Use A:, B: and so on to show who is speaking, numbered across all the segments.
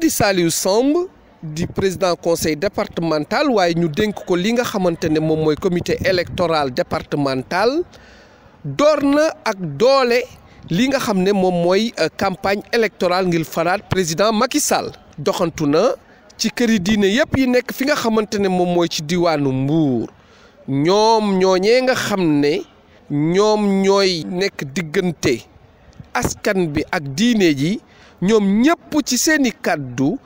A: di Saliou Samb di président conseil départemental waaye ñu dénk ko li nga xamante ne moom mooy comité électoral départemental doorna ak doole li nga xam ne moom mooy euh, campagne électorale ngir faraat président Macky Sall doxantu na ci këri diine yépp yi nekk fi nga xamante ne moom mooy ci diwaanu Mbuur ñoom ñooñee nga xam ne ñoom ñooy nekk diggante askan bi ak diine ji ñoom ñëpp ci seeni kàddu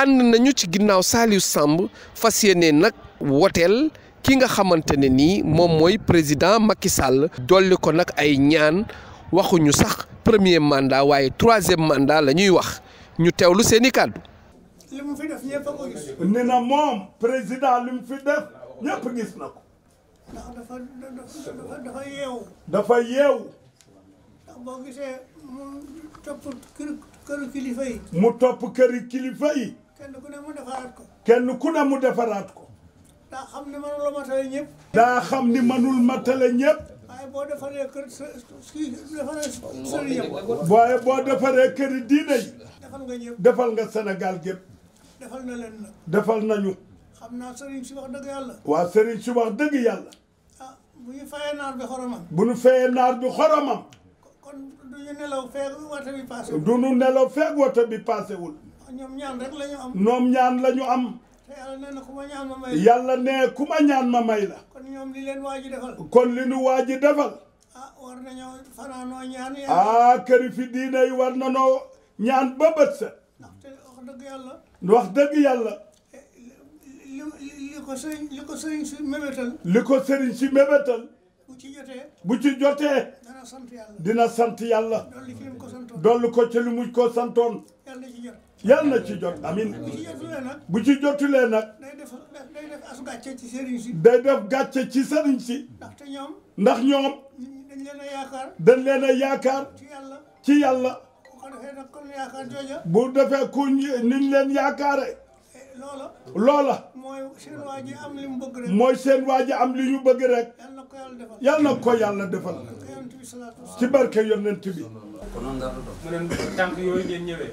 A: ànd nañu ci ginnaaw Saliou sàmb fas yéene nag woteel ki nga xamante ne nii moom mooy président Macky Sall dolli ko nag ay ñaan waxuñu sax premier mandat waaye troisième mandat la ñuy wax ñu teew lu seeni kàddu.
B: li moom président li mu fi def ñëpp gis na ko. boo gisee mu topp këru këru kilifa yi. mu topp këru kilifa yi. kenn ku ne mu defaraat ko. kenn ku ne mu defaraat ko. daa xam ni mënul matale ñëpp. daa xam ni mënul matale ñëpp. waaye boo defaree kër sa kii defaree sëriñam. waaye yi. defal nga ñëpp defal nga Sénégal gépp. defal na leen nag. defal nañu. xam naa sëriñ si wax dëgg yàlla. waa sëriñ si wax dëgg yàlla. ah bu ñu fayee naar bi xoromam. bu ñu fayee naar bi xoromam. kon duñu nelaw feeg wata bi paasewul. duñu nelaw feeg wata bi paasewul. ñoom ñaan rek la am. ñoom ñaan la am. yàlla nee na ku ma ñaan ma may la. yàlla ne ku ma ñaan ma may la. kon ñoom li leen waa ji defal. kon li nu waa ji defal. ah war nañoo fanaanoo ñaan yàlla. ah fi diine yi war nanoo ñaan ba bët sa. ndaxte wax dëgg yàlla. wax dëgg yàlla. Eh, ko li ko sëriñ si mébétal. li ko sëriñ si mébétal. bu ci jotee. bu ci jotee. dina sant yàlla. dina sant yàlla. dolli ko ci lu mu ko santoon. yàlla na ci jot. yàlla na ci jot amin. bu ci jotulee nag. bu ci jotulee nag. day def day def as gàcce ci sëriñ si. day ci sëriñ si. ndaxte ndax ñoom. dañ leen a yaakaar. dañ leen a yaakaar. ci yàlla. ci yàlla. bu ko defee nag defee ku ni leen yaakaare. loola mooy seen waa ji am li ñu bëgg rek yal na ko yàlla defal ci barke yonent bi
C: mu ne tànk yooyu ngeen ñëwee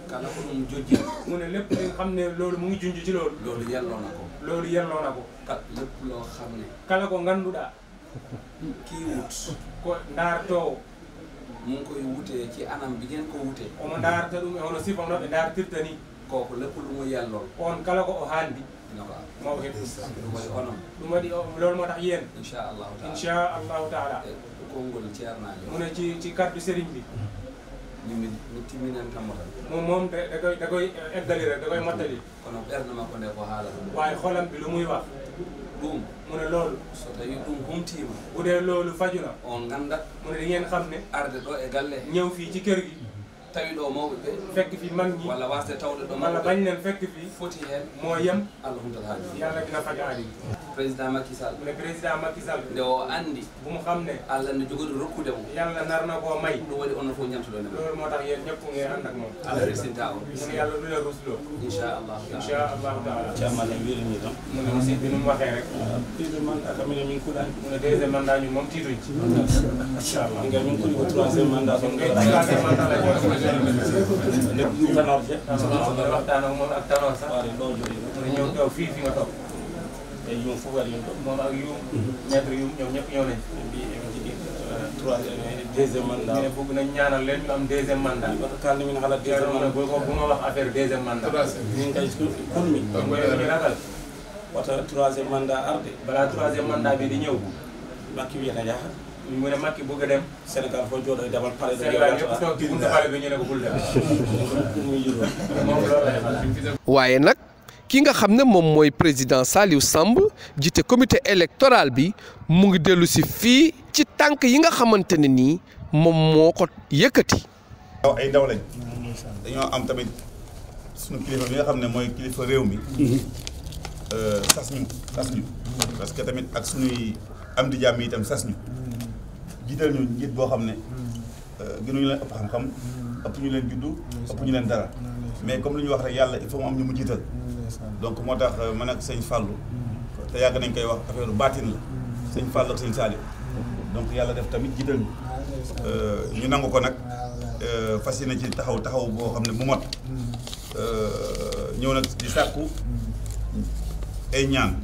C: mu ne lépp li nga xam ne loolu mu ngi junj ci loolu loolu yelloo na ko loolu yelloo na ko lépp loo xam ne kala ko nganduɗaa kii wut ko ndaartoowo mu ngi koye wutee ci anam bi ngeen ko wutee omo ndaarta ɗum e hono sifa noɓe ndaartirta ni kooku lépp lu mu yellool on kala ko o haandi dina ko am mawo heɓ ɗum waɗi onon ɗum waɗi loolu moo tax yéen inchallahu taala inchallahu taala eh, konngol ceernaajo mu ne ci ci kaddu sérigne bi ñimin mi timminantammo tan moom moom da koy da koy eggali rek da koy mottali kono ɓernde makko nde ko haala waaye xolam bi lu muy wax ɗum mu ne loolu so tawi ɗum humtima bu dee loolu fajuna on ganda mu ne da ngeen xam ne arde ɗo e galle ñëw fii ci kër gi tawi ɗo mawɓe fekk fi mag ñi walla wasde tawde ɗo walla bañnen fekk fi foti hen moyam allah yo allah dina faga aadi président Macky Sall ne président Macky Sall nde o anndi bumo xam ne allah ne jogoɗo rokkude mo yalla narna ko may ɗum waɗi onno fof ñamtuɗone loolu moo tax yeen ñëpp ngeen ànd ak moom allah resinta o ɗum yalla ɗule ruslo inchallahu inchallahu taala cammal en wirini tan mune musidɓe num waxee rek ah, deuxiéme mandat kam mine min kuɗani mune deuxiéme mandat ñu moom tiituji inchallah nga min kuɗi ko troisiéme mandat son troisiéme mandat la joɗo nde tanorde waxtaan ak moom ak tanor sax ɗo joɗi ñëw ɗo fii fi nga toog ay yuum foofu ak yuum moom ak yuum. ñaata ñëw nañ bi euh, nañ ñaanal leen la ñu bu ma wax affaire deuxième mandat. troisième ñu ngi koy pour mi. kon mooy ñu ragal. wata troisième mandat arde. balaa di ñëw. Macky wiyata jaaxal. mu ne Macky bëgg a dem. Sénégal foo jox doon demal pare. Sénégal ñëpp soog ci buntu pare bi ñu ne ko bul dem. muy juróom. moom loolu lay
A: xalaat. waaye nag. ki nga xam ne moom mooy président Saliou Samb jiite comité électoral bi mu ngi dellu si fii ci tànk yi nga xamante ne nii moom moo ko yëkkati. waaw ay ndaw lañ
D: dañoo am tamit suñu kilifa bi nga xam ne mooy kilifa réew mi. Euh, sas ñu sas ñu parce que tamit ak suñuy am di jàmm itam sas ñu jiital ñu njiit boo xam ne euh, gënuñu leen ëpp xam-xam ëpp ñu leen juddu ëpp ñu leen dara mais comme lu ñu wax rek yàlla il faut mu ñu mu jiital. donc moo tax euh, man ak sëñ Fallou te yàgg nañ koy wax affaire baatin la mm-hmm. seen Fallou ak sëñ Saliou mm-hmm. donc yàlla def tamit jiital ñu ah, euh, ñu nangu ko nag ah, euh, fas yéene ci taxaw taxaw boo xam ne mu mot mm-hmm. ñëw nag di sàkku ay ñaan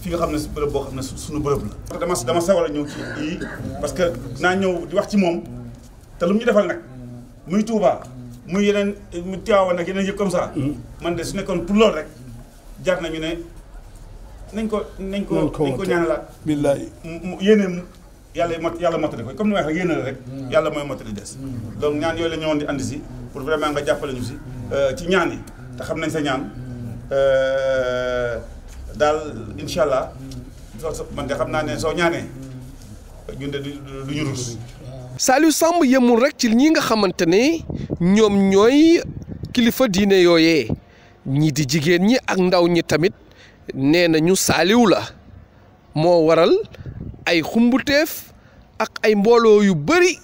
D: fi nga xam ne bërëb boo xam ne suñu bërëb la dama dama sawar a ñëw ci yii parce que naa ñëw di wax ci moom te lu mu ñu defal nag muy Touba muy yeneen mu Tiwaawan ak yeneen yëpp comme ça. Hmm. man de su nekkoon pour lool rek jar nañu ne nañ ko. nañ ko nañ ko ñaanalaat. billaay mu yéene yàlla mot yàlla motali ko comme ni ma na yéene la rek. Hmm. yàlla mooy motali des. Hmm. donc ñaan yooyu la ñu ñëwoon di andi si pour vraiment nga jàppale ñu si. Euh, ci ñaan yi te xam nañ sa ñaan euh, daal incha allah soo man de xam naa ne soo ñaanee ñun de du ñu rus.
A: Saliou Samb yemul rek ci ñi nga xamante ne ñoom ñooy kilifa diine yooyee ñii di jigéen ñi ak ndaw ñi tamit nee nañu Saliou la moo waral ay xumbuteef ak ay mbooloo yu bari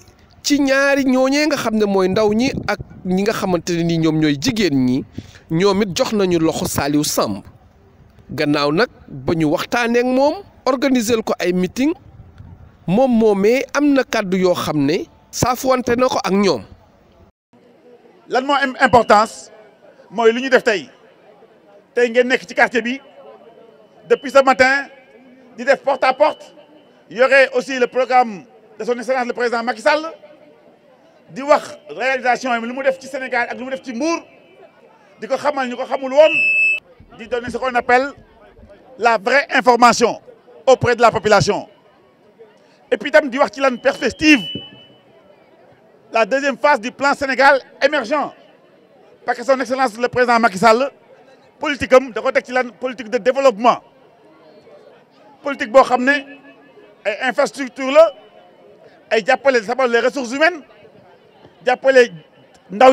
A: ci ñaari ñooñee nga xam ne mooy ndaw ñi ak ñi nga xamante ne nii ñoom ñooy jigéen ñi ñoom it jox nañu loxo Saliou sàmb gannaaw nag ba ñu waxtaaneek moom organiser ko ay mitin mom momé amna yo y sa nako ak ñom lan importance def quartier
D: depuis ce matin di def porte à porte aurait aussi le programme de son excellence le président Macky Sall di wax réalisation yi limu def ci Sénégal ak limu def ci Mbour di xamal xamul ce qu'on appelle la vraie information auprès de la population et puis il di wax perspective la deuxième phase du plan Sénégal émergent parce que son excellence le président Macky Sall politique de da politique de développement politique de et infrastructure et ay les ressources humaines d'appeler ndaw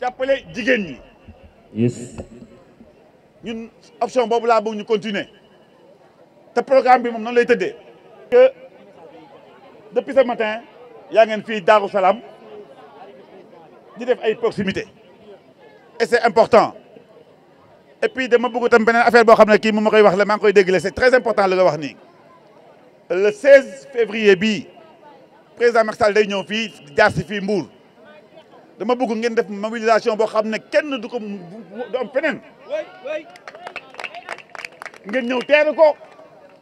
D: d'appeler Digeni. yes. ñun option boobu la bëgg nous continuer te programme bi moom noonu que depuis ce matin yaa ngeen fii Darou Salam di def ay proximité et c'est important et puis dama bëgg tam beneen affaire boo xam ne kii moom ma koy wax la maa koy déglu c'est très important le nga wax nii le 16 février bii président Macky Sall day ñëw fii jaar si fii Mbour dama bëgg ngeen def mobilisation boo xam ne kenn du ko du am feneen ngeen ñëw ko.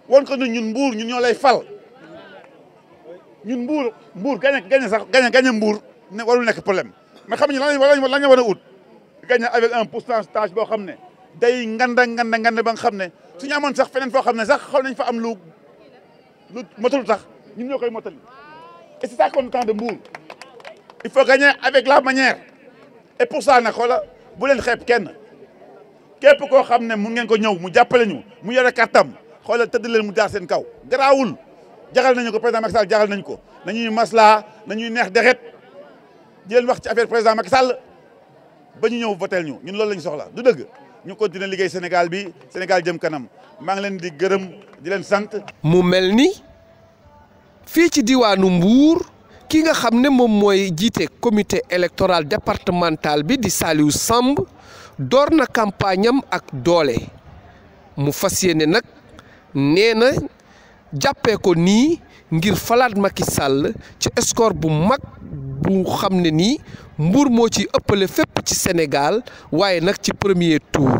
D: won ko ne ñun mbuur ñun ñoo lay fal ñun mbuur mbuur gañe gañe sax gañe gañe mbuur ne warul nekk problème mais xam ñu lan lañ lan ñu war a ut gañe avec un pourcentage boo xam ne day nganda nganda nganda ba nga xam ne suñu amoon sax feneen foo xam ne sax xaw nañ fa am lu lu motul sax ñun ñoo koy motali et c'est ça qu'on de Mbour il faut gagner avec la manière et pour ça nag bu leen xeeb kenn képp koo xam ne mu ngeen ko ñëw mu jàppale ñu mu yore kàttam xolal tëdd leen mu jaar seen kaw grawul jaxal nañu ko président Macky Sall jaxal nañ ko nañuy masla nañuy neex deret di wax ci affaire président Macky Sall bañu ñew votel ñu ñun loolu lañ soxla du deug ñu continuer liggéey Sénégal bi Sénégal jëm kanam ma ngi leen di gërëm di leen sante
A: mu melni fi ci diwanu Mbour ki nga xamne ne moy jité comité électoral départemental bi di Saliou Samb dorna na campagne am ak doole mu fassiyene nak nee na jàppe ko nii ngir falaat Macky sàll ci score bu mag bu xam ne nii Mbour moo ci ëppale fépp ci Sénégal waaye nag ci premier tour